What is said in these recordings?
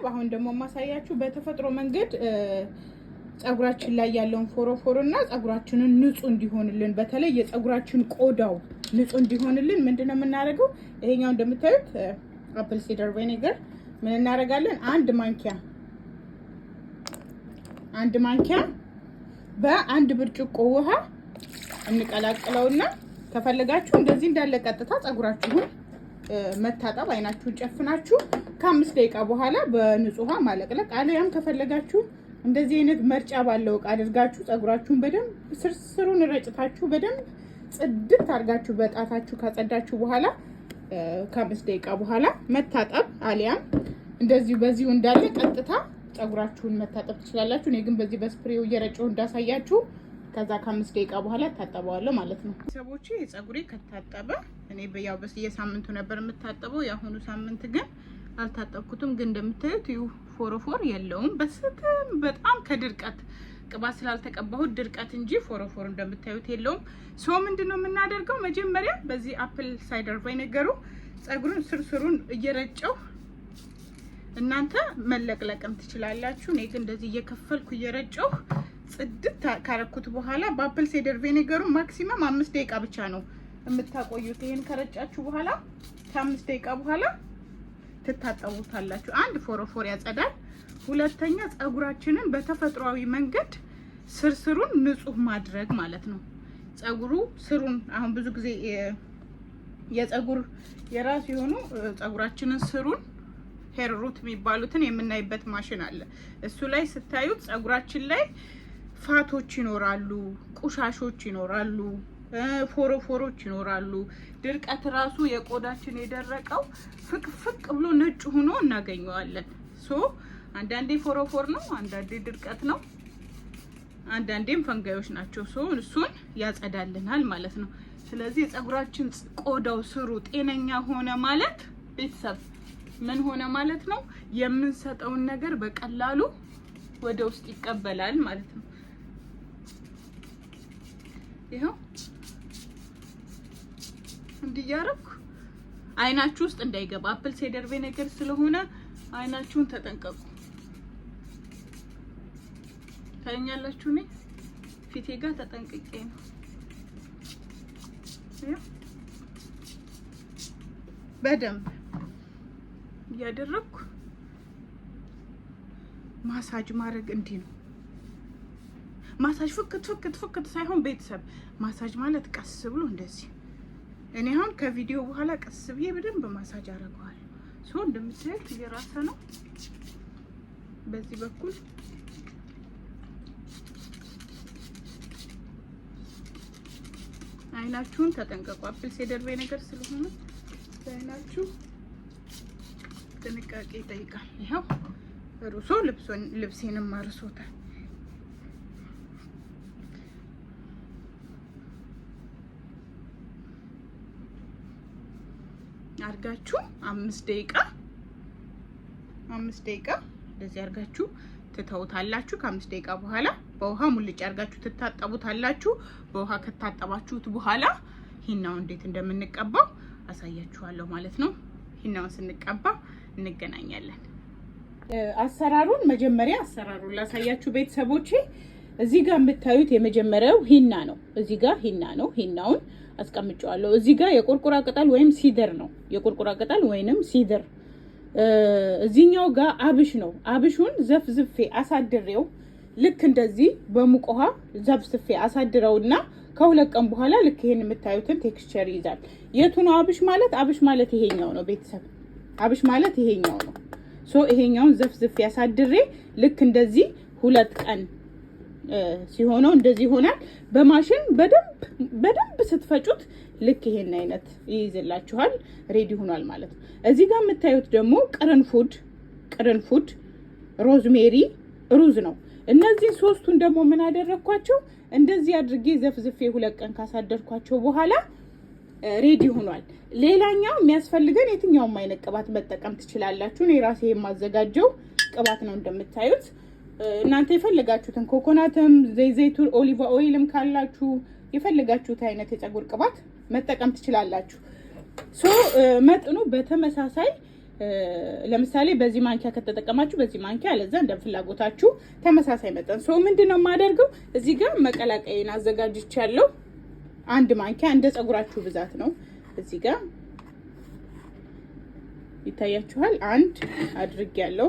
ሀሳብ አሁን ደግሞ የማሳያችሁ በተፈጥሮ መንገድ ፀጉራችን ላይ ያለውን ፎሮፎሮ እና ፀጉራችንን ንጹህ እንዲሆንልን በተለይ የፀጉራችን ቆዳው ንጹህ እንዲሆንልን ምንድነው የምናደርገው? ይሄኛው እንደምታዩት አፕል ሲደር ቬኔገር ምን እናደርጋለን? አንድ ማንኪያ አንድ ማንኪያ በአንድ ብርጭቆ ውሃ እንቀላቅለውና ከፈለጋችሁ እንደዚህ እንዳለ ቀጥታ ጸጉራችሁን መታጠብ አይናችሁን ጨፍናችሁ ከአምስት ደቂቃ በኋላ በንጹህ ውሃ ማለቅለቅ፣ አልያም ከፈለጋችሁ እንደዚህ አይነት መርጫ ባለው እቃ አድርጋችሁ ፀጉራችሁን በደንብ ስርስሩን ረጭታችሁ በደንብ ጽድት አድርጋችሁ በጣታችሁ ካጸዳችሁ በኋላ ከአምስት ደቂቃ በኋላ መታጠብ፣ አሊያም እንደዚሁ በዚሁ እንዳለ ቀጥታ ፀጉራችሁን መታጠብ ትችላላችሁ። እኔ ግን በዚህ በስፕሬው እየረጨው እንዳሳያችሁ ከዛ ከአምስት ደቂቃ በኋላ እታጠበዋለሁ ማለት ነው። ሰቦቼ የፀጉሬ ከታጠበ እኔ ያው የሳምንቱ ነበር የምታጠበው። የአሁኑ ሳምንት ግን አልታጠብኩትም። ግን እንደምታዩት ይሁ ፎረፎር የለውም። በስትም በጣም ከድርቀት ቅባት ስላልተቀባሁት ድርቀት እንጂ ፎረፎር እንደምታዩት የለውም። ሶ ምንድን ነው የምናደርገው? መጀመሪያ በዚህ አፕል ሳይደር ነገሩ ጸጉሩን ስርስሩን እየረጨው እናንተ መለቅለቅም ትችላላችሁ። እኔ ግን እንደዚህ እየከፈልኩ እየረጨው ጽድት ካረኩት በኋላ በአፕል ሳይደር ቬኔገሩ ማክሲመም አምስት ደቂቃ ብቻ ነው የምታቆዩት። ይሄን ከረጫችሁ በኋላ ከአምስት ደቂቃ በኋላ ትታጠቡታላችሁ። አንድ ፎረፎር ያጸዳል። ሁለተኛ ፀጉራችንን በተፈጥሯዊ መንገድ ስርስሩን ንጹህ ማድረግ ማለት ነው። ጸጉሩ ስሩን አሁን ብዙ ጊዜ የጸጉር የራሱ የሆኑ ጸጉራችንን ስሩን ሄር ሩት የሚባሉትን የምናይበት ማሽን አለ። እሱ ላይ ስታዩት ፀጉራችን ላይ ፋቶች ይኖራሉ፣ ቁሻሾች ይኖራሉ። ፎረፎሮች ይኖራሉ። ድርቀት ራሱ የቆዳችን የደረቀው ፍቅፍቅ ብሎ ነጭ ሆኖ እናገኘዋለን። ሶ አንዳንዴ ፎረፎር ነው፣ አንዳንዴ ድርቀት ነው፣ አንዳንዴም ፈንጋዮች ናቸው። ሶ እሱን ያጸዳልናል ማለት ነው። ስለዚህ የፀጉራችን ቆዳው ስሩ ጤነኛ ሆነ ማለት ቤተሰብ ምን ሆነ ማለት ነው? የምንሰጠውን ነገር በቀላሉ ወደ ውስጥ ይቀበላል ማለት ነው። ይኸው እንዲያረኩ አይናችሁ ውስጥ እንዳይገባ አፕል ሳይደር ነገር ስለሆነ አይናችሁን ተጠንቀቁ። ታኛላችሁ። እኔ ፊቴ ጋር ተጠንቅቄ ነው። በደንብ እያደረኩ ማሳጅ ማድረግ እንዲህ ነው። ማሳጅ ፍክት ፍክት ፍክት ሳይሆን ቤተሰብ ማሳጅ ማለት ቀስ ብሎ እንደዚህ እኔ አሁን ከቪዲዮ በኋላ ቀስ ብዬ በደንብ ማሳጅ አደርገዋል። ሶ እንደምታዩት እየራሰ ነው። በዚህ በኩል አይናችሁን ተጠንቀቁ። አፕል ሴደር ነገር ስለሆነ አይናችሁ ጥንቃቄ ይጠይቃል። ይኸው ሩሶ ልብሶን ልብሴንም አርሶታል። አድርጋችሁ አምስት ደቂቃ አምስት ደቂቃ እንደዚህ አድርጋችሁ ትተውታላችሁ። ከአምስት ደቂቃ በኋላ በውሃ ሙልጭ አድርጋችሁ ትታጠቡታላችሁ። በውሃ ከታጠባችሁት በኋላ ሂናው እንዴት እንደምንቀባው አሳያችኋለሁ ማለት ነው። ሂናውን ስንቀባ እንገናኛለን። አሰራሩን መጀመሪያ አሰራሩን ላሳያችሁ ቤተሰቦቼ። እዚህ ጋር የምታዩት የመጀመሪያው ሂና ነው። እዚህ ጋር ሂና ነው። ሂናውን አስቀምጨዋለሁ። እዚህ ጋር የቁርቁራ ቅጠል ወይም ሲደር ነው። የቁርቁራ ቅጠል ወይንም ሲደር እዚህኛው ጋር አብሽ ነው። አብሹን ዘፍዝፌ አሳድሬው ልክ እንደዚህ በሙቅ ውሃ ዘፍዝፌ አሳድረውና ከሁለት ቀን በኋላ ልክ ይሄን የምታዩትን ቴክስቸር ይይዛል። የቱ ነው አብሽ ማለት? አብሽ ማለት ይሄኛው ነው ቤተሰብ፣ አብሽ ማለት ይሄኛው ነው። ሶ ይሄኛውን ዘፍዝፌ አሳድሬ ልክ እንደዚህ ሁለት ቀን ሲሆነው እንደዚህ ይሆናል። በማሽን በደንብ በደንብ ስትፈጩት ልክ ይሄን አይነት ይይዝላችኋል። ሬዲ ሆኗል ማለት ነው። እዚህ ጋር የምታዩት ደግሞ ቅርንፉድ፣ ቅርንፉድ፣ ሮዝሜሪ፣ ሩዝ ነው። እነዚህ ሶስቱን ደግሞ ምን አደረግኳቸው? እንደዚህ አድርጌ ዘፍዝፌ ሁለት ቀን ካሳደርኳቸው በኋላ ሬዲ ሆኗል። ሌላኛው የሚያስፈልገን የትኛውም አይነት ቅባት መጠቀም ትችላላችሁ። እኔ ራሴ የማዘጋጀው ቅባት ነው እንደምታዩት እናንተ የፈለጋችሁትን ኮኮናትም፣ ዘይዘይቱን፣ ኦሊቭ ኦይልም ካላችሁ የፈለጋችሁት አይነት የፀጉር ቅባት መጠቀም ትችላላችሁ። ሶ መጥኑ በተመሳሳይ ለምሳሌ በዚህ ማንኪያ ከተጠቀማችሁ በዚህ ማንኪያ፣ ለዛ እንደ ፍላጎታችሁ ተመሳሳይ መጠን። ሶ ምንድነው የማደርገው እዚህ ጋር መቀላቀይን አዘጋጅቻለሁ። አንድ ማንኪያ እንደ ፀጉራችሁ ብዛት ነው። እዚህ ጋር ይታያችኋል። አንድ አድርጌያለሁ።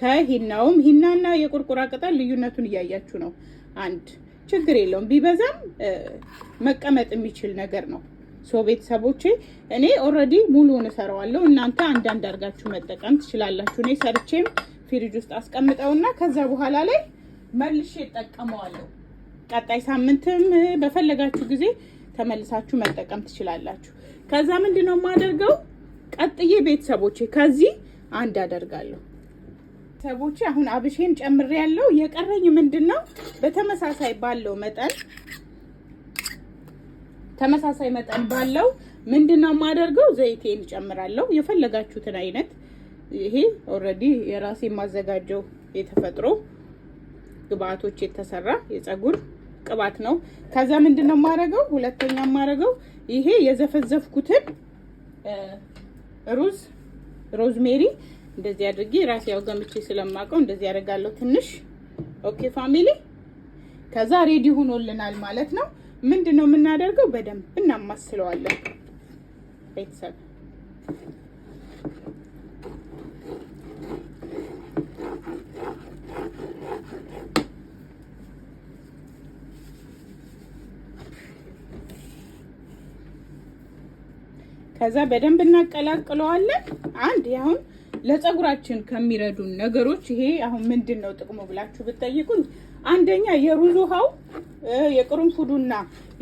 ከሂናውም ሂናና የቁርቁራ ቅጠል ልዩነቱን እያያችሁ ነው። አንድ ችግር የለውም ቢበዛም መቀመጥ የሚችል ነገር ነው። ሶ ቤተሰቦቼ እኔ ኦልሬዲ ሙሉውን እሰራዋለሁ። እናንተ አንዳንድ አድርጋችሁ መጠቀም ትችላላችሁ። እኔ ሰርቼም ፍሪጅ ውስጥ አስቀምጠውና ከዛ በኋላ ላይ መልሼ እጠቀመዋለሁ። ቀጣይ ሳምንትም በፈለጋችሁ ጊዜ ተመልሳችሁ መጠቀም ትችላላችሁ። ከዛ ምንድነው የማደርገው? ቀጥዬ ቤተሰቦቼ ከዚህ አንድ አደርጋለሁ። ቤተሰቦቼ አሁን አብሼን ጨምሬ ያለው የቀረኝ ምንድን ነው? በተመሳሳይ ባለው መጠን ተመሳሳይ መጠን ባለው ምንድን ነው የማደርገው? ዘይቴን ጨምራለሁ። የፈለጋችሁትን አይነት ይሄ ኦልሬዲ የራሴ የማዘጋጀው የተፈጥሮ ግብአቶች የተሰራ የፀጉር ቅባት ነው። ከዛ ምንድን ነው የማደርገው? ሁለተኛ የማደርገው ይሄ የዘፈዘፍኩትን ሩዝ ሮዝሜሪ እንደዚህ አድርጌ ራሴ ያው ገምቼ ስለማውቀው እንደዚህ አደርጋለሁ ትንሽ። ኦኬ ፋሚሊ፣ ከዛ ሬዲ ሆኖልናል ማለት ነው። ምንድን ነው የምናደርገው? በደንብ እናማስለዋለን ቤተሰብ ከዛ በደንብ እናቀላቅለዋለን። አንድ ያሁን ለፀጉራችን ከሚረዱን ነገሮች ይሄ አሁን ምንድን ነው ጥቅሙ ብላችሁ ብትጠይቁኝ፣ አንደኛ የሩዝ ውሃው የቅርንፉዱና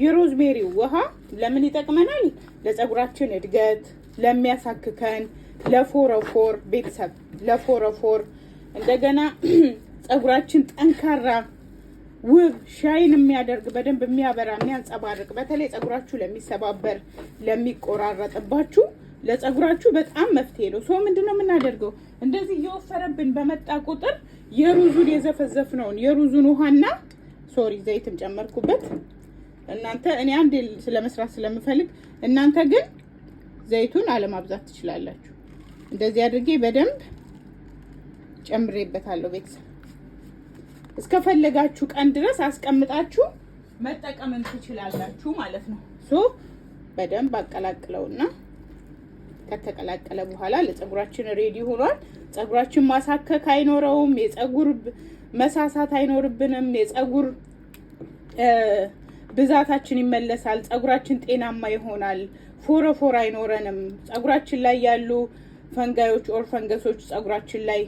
የሮዝሜሪው ውሃ ለምን ይጠቅመናል? ለፀጉራችን እድገት፣ ለሚያሳክከን፣ ለፎረፎር ቤተሰብ ለፎረፎር እንደገና ፀጉራችን ጠንካራ ውብ ሻይን የሚያደርግ በደንብ የሚያበራ የሚያንጸባርቅ፣ በተለይ ፀጉራችሁ ለሚሰባበር ለሚቆራረጥባችሁ ለፀጉራችሁ በጣም መፍትሄ ነው። ሰው ምንድነው የምናደርገው? እንደዚህ እየወፈረብን በመጣ ቁጥር የሩዙን የዘፈዘፍነውን የሩዙን ውሃና ሶሪ ዘይትም ጨመርኩበት። እናንተ እኔ አንድ ስለመስራት ስለምፈልግ እናንተ ግን ዘይቱን አለማብዛት ትችላላችሁ። እንደዚህ አድርጌ በደንብ ጨምሬበታለሁ። ቤተሰብ እስከፈለጋችሁ ቀን ድረስ አስቀምጣችሁ መጠቀምን ትችላላችሁ ማለት ነው። ሶ በደንብ አቀላቅለውና ከተቀላቀለ በኋላ ለፀጉራችን ሬዲ ሆኗል። ፀጉራችን ማሳከክ አይኖረውም። የፀጉር መሳሳት አይኖርብንም። የፀጉር ብዛታችን ይመለሳል። ፀጉራችን ጤናማ ይሆናል። ፎረፎር አይኖረንም። ፀጉራችን ላይ ያሉ ፈንጋዮች ኦር ፈንገሶች ፀጉራችን ላይ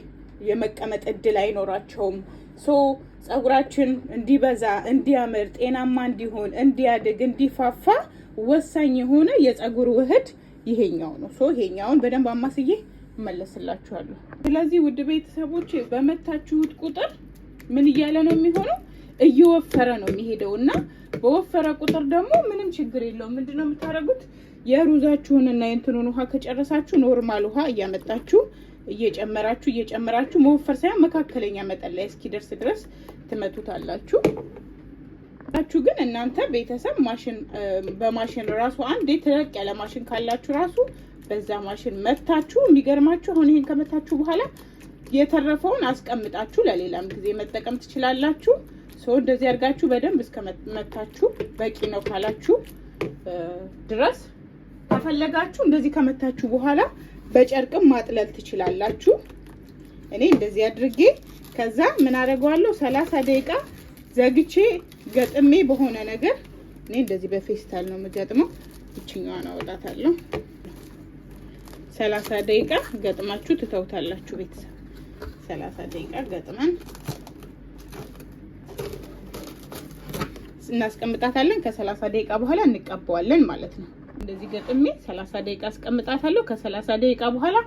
የመቀመጥ እድል አይኖራቸውም። ሶ ፀጉራችን እንዲበዛ፣ እንዲያምር፣ ጤናማ እንዲሆን፣ እንዲያድግ፣ እንዲፋፋ ወሳኝ የሆነ የፀጉር ውህድ ይሄኛው ነው። ሶ ይሄኛውን በደንብ አማስዬ እመለስላችኋለሁ። ስለዚህ ውድ ቤተሰቦች በመታችሁት ቁጥር ምን እያለ ነው የሚሆነው? እየወፈረ ነው የሚሄደው እና በወፈረ ቁጥር ደግሞ ምንም ችግር የለውም። ምንድነው የምታደርጉት? የሩዛችሁን እና የእንትኑን ውሃ ከጨረሳችሁ ኖርማል ውሃ እያመጣችሁ እየጨመራችሁ እየጨመራችሁ መወፈር ሳይሆን መካከለኛ መጠን ላይ እስኪደርስ ድረስ ትመቱታላችሁ። ያላችሁ ግን እናንተ ቤተሰብ ማሽን በማሽን ራሱ አንዴ ተለቅ ያለ ማሽን ካላችሁ ራሱ በዛ ማሽን መታችሁ የሚገርማችሁ አሁን ይሄን ከመታችሁ በኋላ የተረፈውን አስቀምጣችሁ ለሌላም ጊዜ መጠቀም ትችላላችሁ። ሰው እንደዚህ አድርጋችሁ በደንብ እስከመታችሁ በቂ ነው ካላችሁ ድረስ ከፈለጋችሁ እንደዚህ ከመታችሁ በኋላ በጨርቅም ማጥለል ትችላላችሁ። እኔ እንደዚህ አድርጌ ከዛ ምን አደርገዋለሁ ሰላሳ ደቂቃ ዘግቼ ገጥሜ በሆነ ነገር እኔ እንደዚህ በፌስታል ነው የምገጥመው። ይችኛዋን አወጣታለሁ። ሰላሳ ደቂቃ ገጥማችሁ ትተውታላችሁ ቤተሰብ። ሰላሳ ደቂቃ ገጥመን እናስቀምጣታለን። ከሰላሳ ደቂቃ በኋላ እንቀባዋለን ማለት ነው። እንደዚህ ገጥሜ ሰላሳ ደቂቃ አስቀምጣታለሁ። ከሰላሳ ደቂቃ በኋላ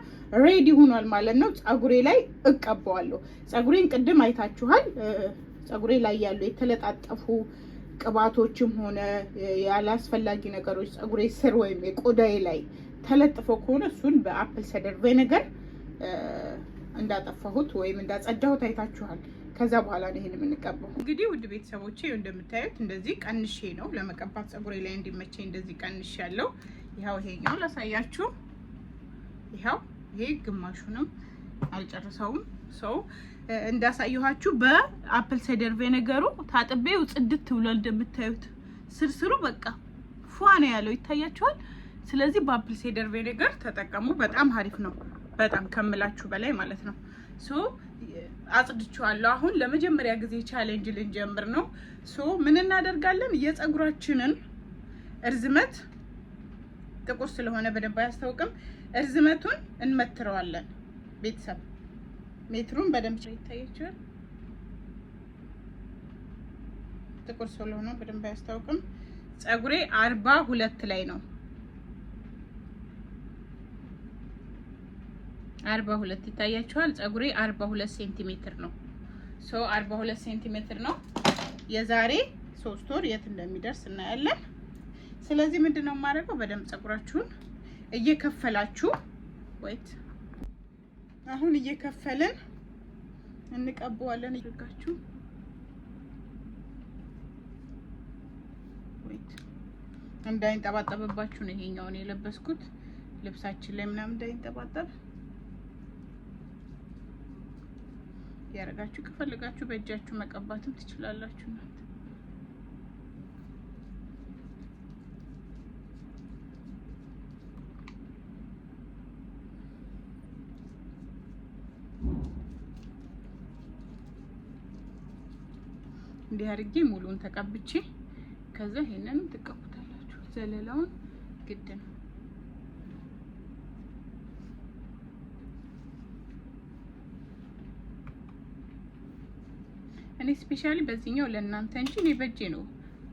ሬዲ ሆኗል ማለት ነው። ፀጉሬ ላይ እቀባዋለሁ። ፀጉሬን ቅድም አይታችኋል። ፀጉሬ ላይ ያሉ የተለጣጠፉ ቅባቶችም ሆነ ያላስፈላጊ ነገሮች ፀጉሬ ስር ወይም የቆዳዬ ላይ ተለጥፎ ከሆነ እሱን በአፕል ሰደር ቬነገር እንዳጠፋሁት ወይም እንዳጸዳሁት አይታችኋል። ከዛ በኋላ ነው ይሄን የምንቀባው። እንግዲህ ውድ ቤተሰቦቼ እንደምታዩት እንደዚህ ቀንሼ ነው ለመቀባት ጸጉሬ ላይ እንዲመቸኝ እንደዚህ ቀንሼ ያለው ይኸው፣ ይሄኛው ላሳያችሁ። ይኸው ይሄ ግማሹንም አልጨርሰውም። ሰው እንዳሳየኋችሁ በአፕል ሳይደር ቬነገሩ ታጥቤው ጽድት ብሏል። እንደምታዩት ስርስሩ በቃ ፏ ነው ያለው ይታያችኋል። ስለዚህ በአፕል ሳይደር ቬነገር ተጠቀሙ። በጣም አሪፍ ነው፣ በጣም ከምላችሁ በላይ ማለት ነው። ሶ አጽድቼዋለሁ። አሁን ለመጀመሪያ ጊዜ ቻሌንጅ ልንጀምር ነው። ሶ ምን እናደርጋለን? የፀጉራችንን እርዝመት ጥቁር ስለሆነ በደንብ አያስታውቅም። እርዝመቱን እንመትረዋለን ቤተሰብ ሜትሩን በደንብ ይታያችኋል። ጥቁር ስለሆነ በደንብ አያስታውቅም። ፀጉሬ አርባ ሁለት ላይ ነው። አርባ ሁለት ይታያችኋል። ፀጉሬ አርባ ሁለት ሴንቲሜትር ነው። ሶ አርባ ሁለት ሴንቲሜትር ነው። የዛሬ ሶስት ወር የት እንደሚደርስ እናያለን። ስለዚህ ምንድነው የማደርገው በደንብ ፀጉራችሁን እየከፈላችሁ ወይት አሁን እየከፈለን እንቀበዋለን። ይርጋችሁ እንዳይንጠባጠብባችሁ ነው ይሄኛውን የለበስኩት። ልብሳችን ላይ ምናምን እንዳይንጠባጠብ ያደርጋችሁ። ከፈልጋችሁ በእጃችሁ መቀባትም ትችላላችሁ። እንዲህ አድርጌ ሙሉን ተቀብቼ ከዛ ይሄንን ትቀቡታላችሁ። ዘለላውን ግድ ነው። እኔ ስፔሻሊ በዚህኛው ለእናንተ እንጂ እኔ በእጄ ነው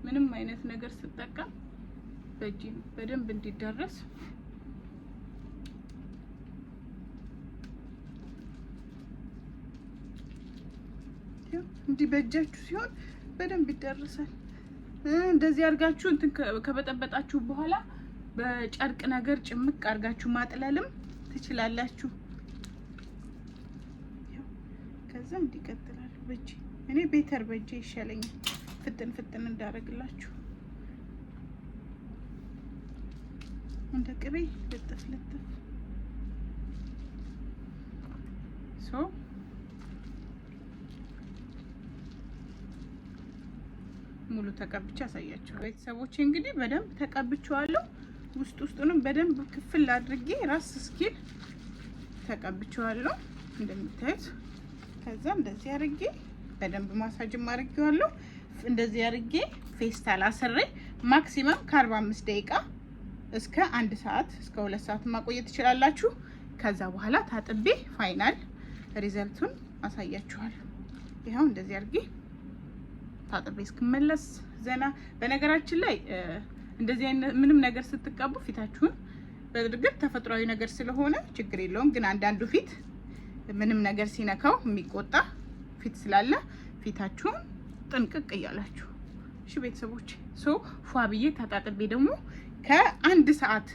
ምንም አይነት ነገር ስጠቀም በእጄ ነው በደንብ እንዲደረስ እንዲህ በእጃችሁ ሲሆን በደንብ ይደርሳል። እንደዚህ አድርጋችሁ እንትን ከበጠበጣችሁ በኋላ በጨርቅ ነገር ጭምቅ አድርጋችሁ ማጥለልም ትችላላችሁ። ከዛ እንዲቀጥላል በእጄ እኔ ቤተር በእጄ ይሻለኛል፣ ፍጥን ፍጥን እንዳደርግላችሁ እንደ ቅቤ ልጥፍ ልጥፍ ሙሉ ተቀብቼ አሳያችሁ። ቤተሰቦች እንግዲህ በደንብ ተቀብቼዋለሁ። ውስጥ ውስጡንም በደንብ ክፍል አድርጌ ራስ እስኪል ተቀብቼዋለሁ እንደምታዩት። ከዛ እንደዚህ አድርጌ በደንብ ማሳጅም አድርጌዋለሁ። እንደዚህ አድርጌ ፌስታል አስሬ ማክሲመም ከ45 ደቂቃ እስከ አንድ ሰዓት እስከ ሁለት ሰዓት ማቆየት ትችላላችሁ። ከዛ በኋላ ታጥቤ ፋይናል ሪዘልቱን አሳያችኋል። ይኸው እንደዚህ አድርጌ ታጥቤ እስክመለስ ዘና። በነገራችን ላይ እንደዚህ አይነት ምንም ነገር ስትቀቡ ፊታችሁን በእርግጥ ተፈጥሯዊ ነገር ስለሆነ ችግር የለውም። ግን አንዳንዱ ፊት ምንም ነገር ሲነካው የሚቆጣ ፊት ስላለ ፊታችሁን ጥንቅቅ እያላችሁ እሺ ቤተሰቦች። ሶ ፏ ብዬ ታጣጥቤ ደግሞ ከአንድ ሰዓት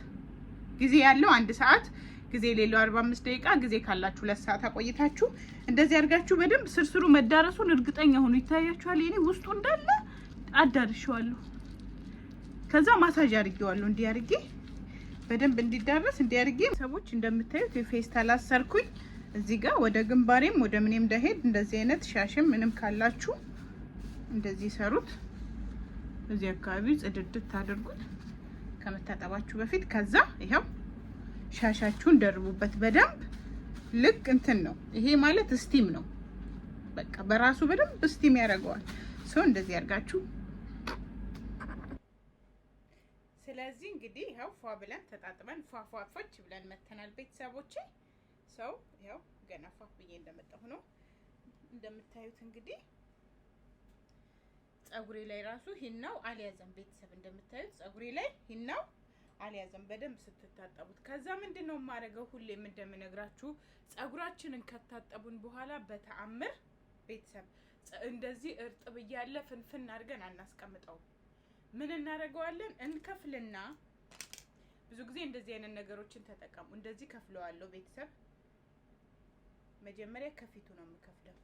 ጊዜ ያለው አንድ ሰዓት ጊዜ የሌለው 45 ደቂቃ ጊዜ ካላችሁ ሁለት ሰዓት አቆይታችሁ እንደዚህ አድርጋችሁ በደንብ ስርስሩ መዳረሱን እርግጠኛ ሆኑ። ይታያችኋል። የኔ ውስጡ እንዳለ አዳርሸዋለሁ። ከዛ ማሳጅ አድርጌዋለሁ። እንዲህ አድርጌ በደንብ እንዲዳረስ እንዲህ አድርጌ ሰዎች እንደምታዩት የፌስታል አሰርኩኝ እዚህ ጋር ወደ ግንባሬም ወደ ምኔም እንዳይሄድ እንደዚህ አይነት ሻሽም ምንም ካላችሁ እንደዚህ ሰሩት። እዚህ አካባቢ ጽድድት ታደርጉት ከመታጠባችሁ በፊት ከዛ ይኸው ሻሻችሁን ደርቡበት በደንብ ልክ እንትን ነው ይሄ ማለት ስቲም ነው። በቃ በራሱ በደንብ ስቲም ያደርገዋል። ሰው እንደዚህ ያርጋችሁ። ስለዚህ እንግዲህ ይኸው ፏ ብለን ተጣጥበን ፏፏፎች ብለን መተናል። ቤተሰቦች ሰው ያው ገና ፏፍ ብዬ እንደመጣሁ ነው እንደምታዩት እንግዲህ ጸጉሬ ላይ ራሱ ሂናው አልያዘም። ቤተሰብ እንደምታዩት ጸጉሬ ላይ ሂናው አልያዘም በደንብ ስትታጠቡት። ከዛ ምንድን ነው የማደርገው ሁሌም እንደምነግራችሁ ጸጉራችንን ከታጠቡን በኋላ በተአምር ቤተሰብ እንደዚህ እርጥብ እያለ ፍንፍን አድርገን አናስቀምጠው ምን እናደርገዋለን? እንከፍልና ብዙ ጊዜ እንደዚህ አይነት ነገሮችን ተጠቀሙ። እንደዚህ ከፍለዋለሁ ቤተሰብ። መጀመሪያ ከፊቱ ነው የምከፍለው፣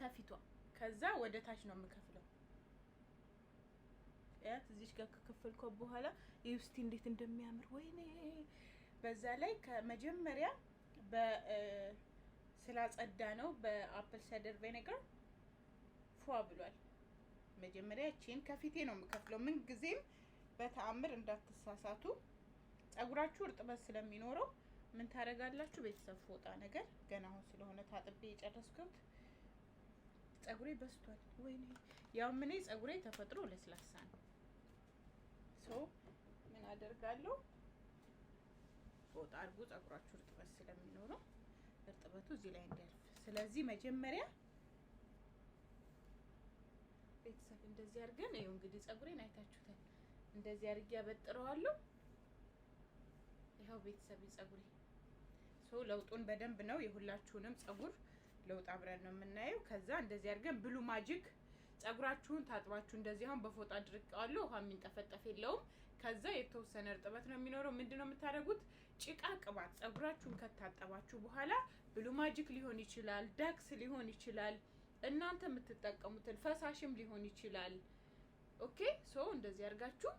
ከፊቷ ከዛ ወደ ታች ነው የምከፍለው ያት እዚች ጋር ከከፈልኳ በኋላ ይውስቲ እንዴት እንደሚያምር ወይኔ! በዛ ላይ ከመጀመሪያ ስላጸዳ ነው በአፕል ሳይደር ቬኔጋር ፏ ብሏል። መጀመሪያ ቺን ከፊቴ ነው የምከፍለው። ምን ጊዜም በተአምር እንዳትሳሳቱ። ጸጉራችሁ እርጥበት ስለሚኖረው ምን ታደርጋላችሁ ቤተሰብ? ፎጣ ነገር ገና አሁን ስለሆነ ታጥቤ የጨረስኩት ጸጉሬ በስቷል። ወይኔ ያው ምን ጸጉሬ ተፈጥሮ ለስላሳ ነው። ሰው ምን አደርጋለሁ ወጣ አድርጎ ጸጉራችሁ እርጥበት ስለሚኖረው እርጥበቱ እዚህ ላይ እንዲያልፍ። ስለዚህ መጀመሪያ ቤተሰብ እንደዚህ አድርገን ይኸው እንግዲህ ጸጉሬን አይታችሁታል። እንደዚህ አድርጌ ያበጥረዋለሁ። ይኸው ቤተሰብ ጸጉሬ ሰው ለውጡን በደንብ ነው የሁላችሁንም ጸጉር ለውጥ አብረን ነው የምናየው። ከዛ እንደዚህ አድርገን ብሉ ማጂክ ጸጉራችሁን ታጥባችሁ እንደዚህ አሁን በፎጣ አድርቀዋለሁ። ውሃ የሚንጠፈጠፍ የለውም። ከዛ የተወሰነ እርጥበት ነው የሚኖረው። ምንድን ነው የምታደርጉት? ጭቃ ቅባት ጸጉራችሁን ከታጠባችሁ በኋላ ብሉ ማጂክ ሊሆን ይችላል፣ ዳክስ ሊሆን ይችላል፣ እናንተ የምትጠቀሙትን ፈሳሽም ሊሆን ይችላል። ኦኬ ሶ እንደዚህ አድርጋችሁ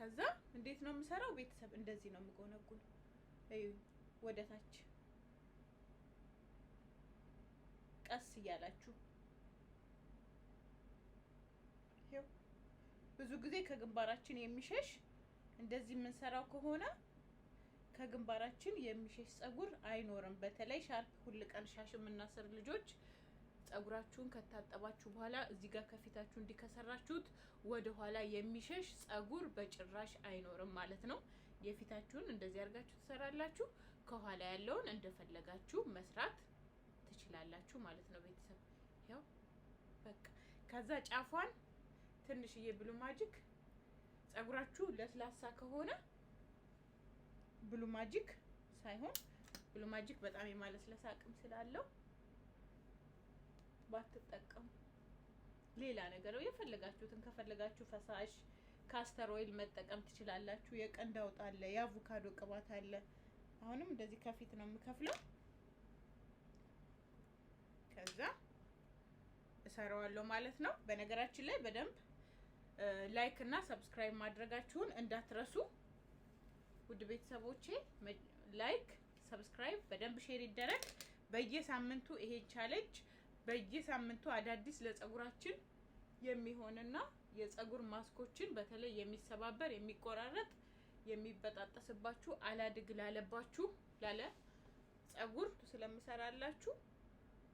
ከዛ እንዴት ነው የምሰራው? ቤተሰብ እንደዚህ ነው የምጎነጉን። ወደ ታች ቀስ እያላችሁ ብዙ ጊዜ ከግንባራችን የሚሸሽ እንደዚህ የምንሰራው ከሆነ ከግንባራችን የሚሸሽ ጸጉር አይኖርም። በተለይ ሻርፕ ሁል ቀን ሻሽ የምናስር ልጆች ጸጉራችሁን ከታጠባችሁ በኋላ እዚህ ጋር ከፊታችሁ እንዲከሰራችሁት ወደ ኋላ የሚሸሽ ጸጉር በጭራሽ አይኖርም ማለት ነው። የፊታችሁን እንደዚህ አድርጋችሁ ትሰራላችሁ። ከኋላ ያለውን እንደፈለጋችሁ መስራት ትችላላችሁ ማለት ነው። ቤተሰብ ያው በቃ ከዛ ጫፏን ትንሽዬ ብሉ ማጂክ ጸጉራችሁ ለስላሳ ከሆነ ብሉ ማጂክ ሳይሆን ብሉ ማጂክ በጣም የማለስለስ አቅም ስላለው ባትጠቀሙ ሌላ ነገር ነው። የፈለጋችሁትን ከፈለጋችሁ ፈሳሽ ካስተር ኦይል መጠቀም ትችላላችሁ። የቀንድ አውጣ አለ፣ የአቮካዶ ቅባት አለ። አሁንም እንደዚህ ከፊት ነው የምከፍለው። ከዛ እሰራዋለሁ ማለት ነው። በነገራችን ላይ በደንብ ላይክ እና ሰብስክራይብ ማድረጋችሁን እንዳትረሱ ውድ ቤተሰቦቼ። ላይክ ሰብስክራይብ፣ በደንብ ሼር ይደረግ። በየሳምንቱ ይሄ ቻሌንጅ በየሳምንቱ አዳዲስ ለጸጉራችን የሚሆንና የጸጉር ማስኮችን በተለይ የሚሰባበር የሚቆራረጥ የሚበጣጠስባችሁ አላድግ ላለባችሁ ላለ ጸጉር ስለምሰራላችሁ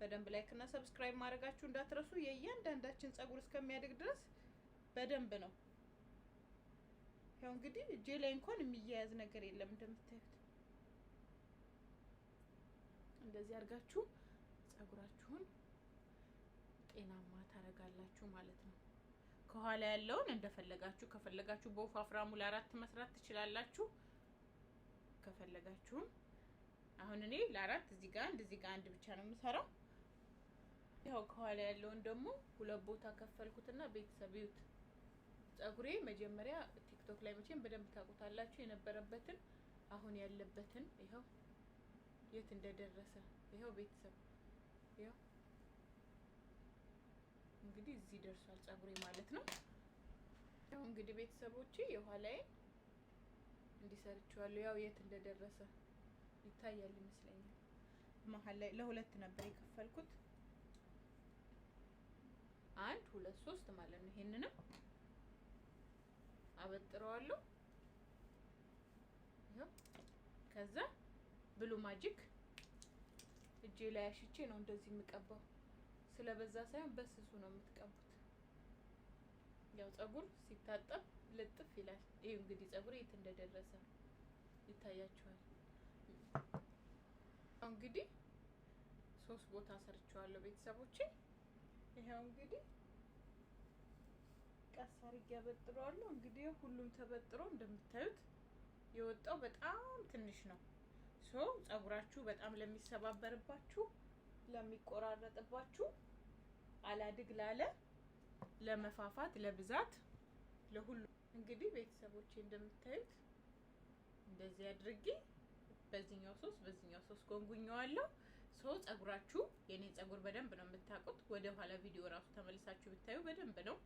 በደንብ ላይክ እና ሰብስክራይብ ማድረጋችሁ እንዳትረሱ። የእያንዳንዳችን ጸጉር እስከሚያድግ ድረስ በደንብ ነው። ያው እንግዲህ እጄ ላይ እንኳን የሚያያዝ ነገር የለም። እንደምታዩት እንደዚህ አድርጋችሁ ጸጉራችሁን ጤናማ ታደርጋላችሁ ማለት ነው። ከኋላ ያለውን እንደፈለጋችሁ ከፈለጋችሁ በወፋፍራሙ ለአራት መስራት ትችላላችሁ። ከፈለጋችሁም አሁን እኔ ለአራት እዚህ ጋር አንድ እዚህ ጋር አንድ ብቻ ነው የምሰራው። ያው ከኋላ ያለውን ደግሞ ሁለት ቦታ ከፈልኩትና ቤተሰብ ይዩት። ጸጉሬ መጀመሪያ ቲክቶክ ላይ መቼም በደንብ ታውቁታላችሁ የነበረበትን አሁን ያለበትን ይኸው የት እንደደረሰ ይኸው ቤተሰብ ይኸው እንግዲህ እዚህ ደርሷል ጸጉሬ ማለት ነው። ያው እንግዲህ ቤተሰቦቼ የኋላዬን እንዲሰርችዋለሁ ያው የት እንደደረሰ ይታያል ይመስለኛል። መሀል ላይ ለሁለት ነበር የከፈልኩት። አንድ ሁለት ሶስት ማለት ነው። ይሄንንም አበጥረዋለሁ። ይሄው ከዛ ብሉ ማጂክ እጄ ላይ አሽቼ ነው እንደዚህ የምቀባው። ስለበዛ ሳይሆን በስሱ ነው የምትቀቡት። ያው ጸጉር ሲታጠብ ልጥፍ ይላል። ይሄ እንግዲህ ጸጉር የት እንደደረሰ ይታያችኋል። እንግዲህ ሶስት ቦታ ሰርቼዋለሁ ቤተሰቦቼ ይኸው እንግዲህ ቀስ አድርጌ አበጥረዋለሁ። እንግዲህ ሁሉም ተበጥሮ እንደምታዩት የወጣው በጣም ትንሽ ነው። ሶ ጸጉራችሁ በጣም ለሚሰባበርባችሁ፣ ለሚቆራረጥባችሁ፣ አላድግ ላለ፣ ለመፋፋት፣ ለብዛት፣ ለሁሉ እንግዲህ ቤተሰቦቼ እንደምታዩት እንደዚህ አድርጌ በዚህኛው ሶስት በዚህኛው ሶስት ጎንጉኘዋለሁ። ሰው ጸጉራችሁ የኔ ጸጉር በደንብ ነው የምታውቁት። ወደ ኋላ ቪዲዮ ራሱ ተመልሳችሁ ብታዩ በደንብ ነው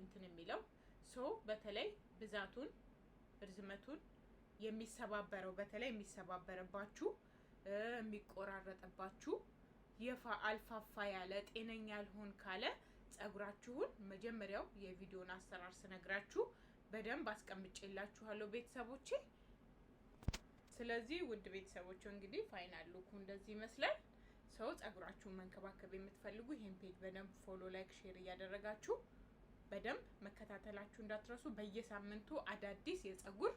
እንትን የሚለው ሰው በተለይ ብዛቱን ርዝመቱን የሚሰባበረው በተለይ የሚሰባበረባችሁ የሚቆራረጥባችሁ የፋ አልፋፋ ያለ ጤነኛ ያልሆን ካለ ጸጉራችሁን መጀመሪያው የቪዲዮን አሰራር ስነግራችሁ በደንብ አስቀምጬላችኋለሁ ቤተሰቦቼ። ስለዚህ ውድ ቤተሰቦች እንግዲህ ፋይናል ሉኩ እንደዚህ ይመስላል። ሰው ጸጉራችሁን መንከባከብ የምትፈልጉ ይህን ፔጅ በደንብ ፎሎ፣ ላይክ፣ ሼር እያደረጋችሁ በደንብ መከታተላችሁ እንዳትረሱ። በየሳምንቱ አዳዲስ የጸጉር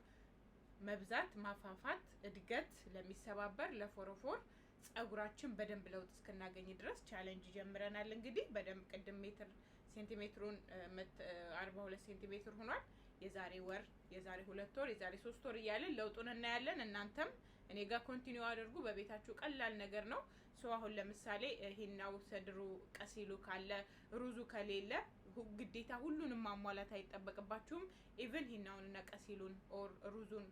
መብዛት፣ ማፋፋት፣ እድገት ለሚሰባበር ለፎረፎር ጸጉራችን በደንብ ለውጥ እስክናገኝ ድረስ ቻለንጅ ጀምረናል። እንግዲህ በደንብ ቅድም ሜትር ሴንቲሜትሩን አርባ ሁለት ሴንቲሜትር ሆኗል። የዛሬ ወር፣ የዛሬ ሁለት ወር፣ የዛሬ ሶስት ወር እያለን ለውጡን እናያለን። እናንተም እኔ ጋር ኮንቲኒ አድርጉ። በቤታችሁ ቀላል ነገር ነው። ሰው አሁን ለምሳሌ ሂናው፣ ሰድሩ፣ ቀሲሉ ካለ ሩዙ ከሌለ ግዴታ ሁሉንም ማሟላት አይጠበቅባችሁም። ኢቨን ሂናውንና ቀሲሉን ኦር ሩዙን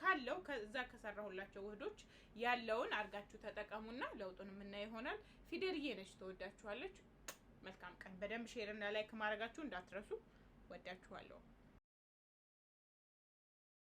ካለው ከዛ ከሰራሁላቸው ውህዶች ያለውን አድርጋችሁ ተጠቀሙና ለውጡን የምናይ ይሆናል። ፊደልዬ ነች፣ ተወዳችኋለች። መልካም ቀን። በደንብ ሼርና ላይክ ማድረጋችሁ እንዳትረሱ። ወዳችኋለሁ።